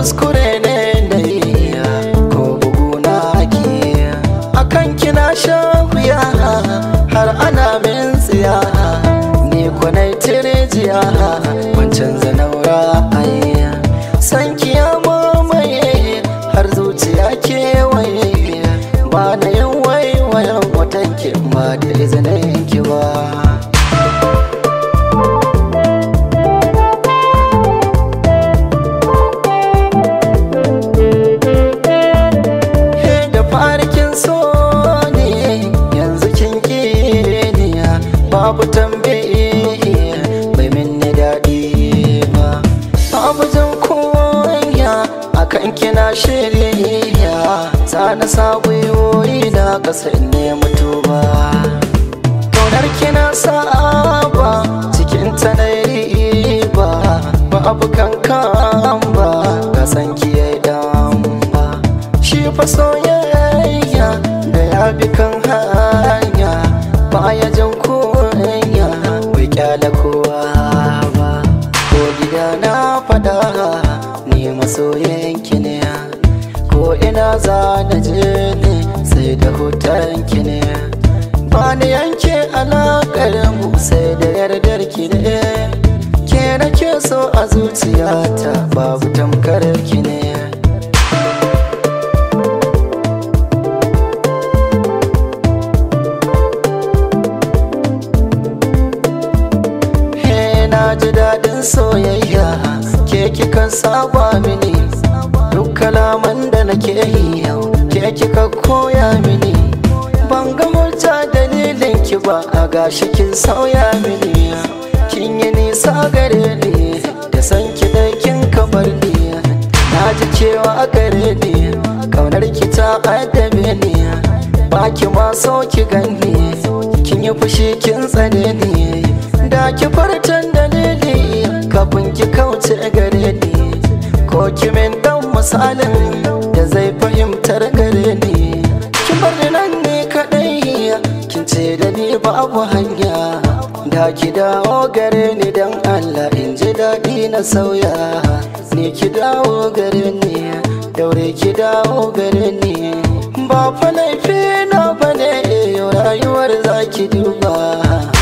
kuskure ne da iya ko bugu na ki akan kina shan wuya har ana min tsiya ni tere jiya wancan zanaura ai san kiya mamaye har zuciya kewaye ba na yin waiwayen watan ki ba da izinin ki ba so ne yanzu kin ne babu tambaye bai minni daɗi ba babu jan koya kan kina shirya sa sabuwoyi na ƙasa ne mutu ba Kaunar kina ba cikin ta ba babu kankan da kowa ba ko gida na fada ni masoyinki ne ko ina za na je ne sai da ki ne ba ni yanke alakar mu sai da yardar ki ne ke nake so a zuciyata babu tamkar ki ne saba mini duk kalaman da nake yi yau ke kika koya mini ban ga murta dalilin ki ba a gashi kin sauya mini kin yi nisa gare ni da san ki da kin kamar ni na ji cewa gare ni kaunar ki ta addabe ni ba ki ma so ki gani kin yi fushi kin tsane ni da ki fartan dalili kafin ki kauce gare ɗauki min ɗan misalin da zai fahimtar gare ni kin bar ni nan ne kaɗai kin ce da ni babu hanya da ki dawo gare ni dan Allah in ji daɗi na sauya ni ki dawo gare ni daure ki dawo gare ni ba fa laifi na bane eh, rayuwar zaki duba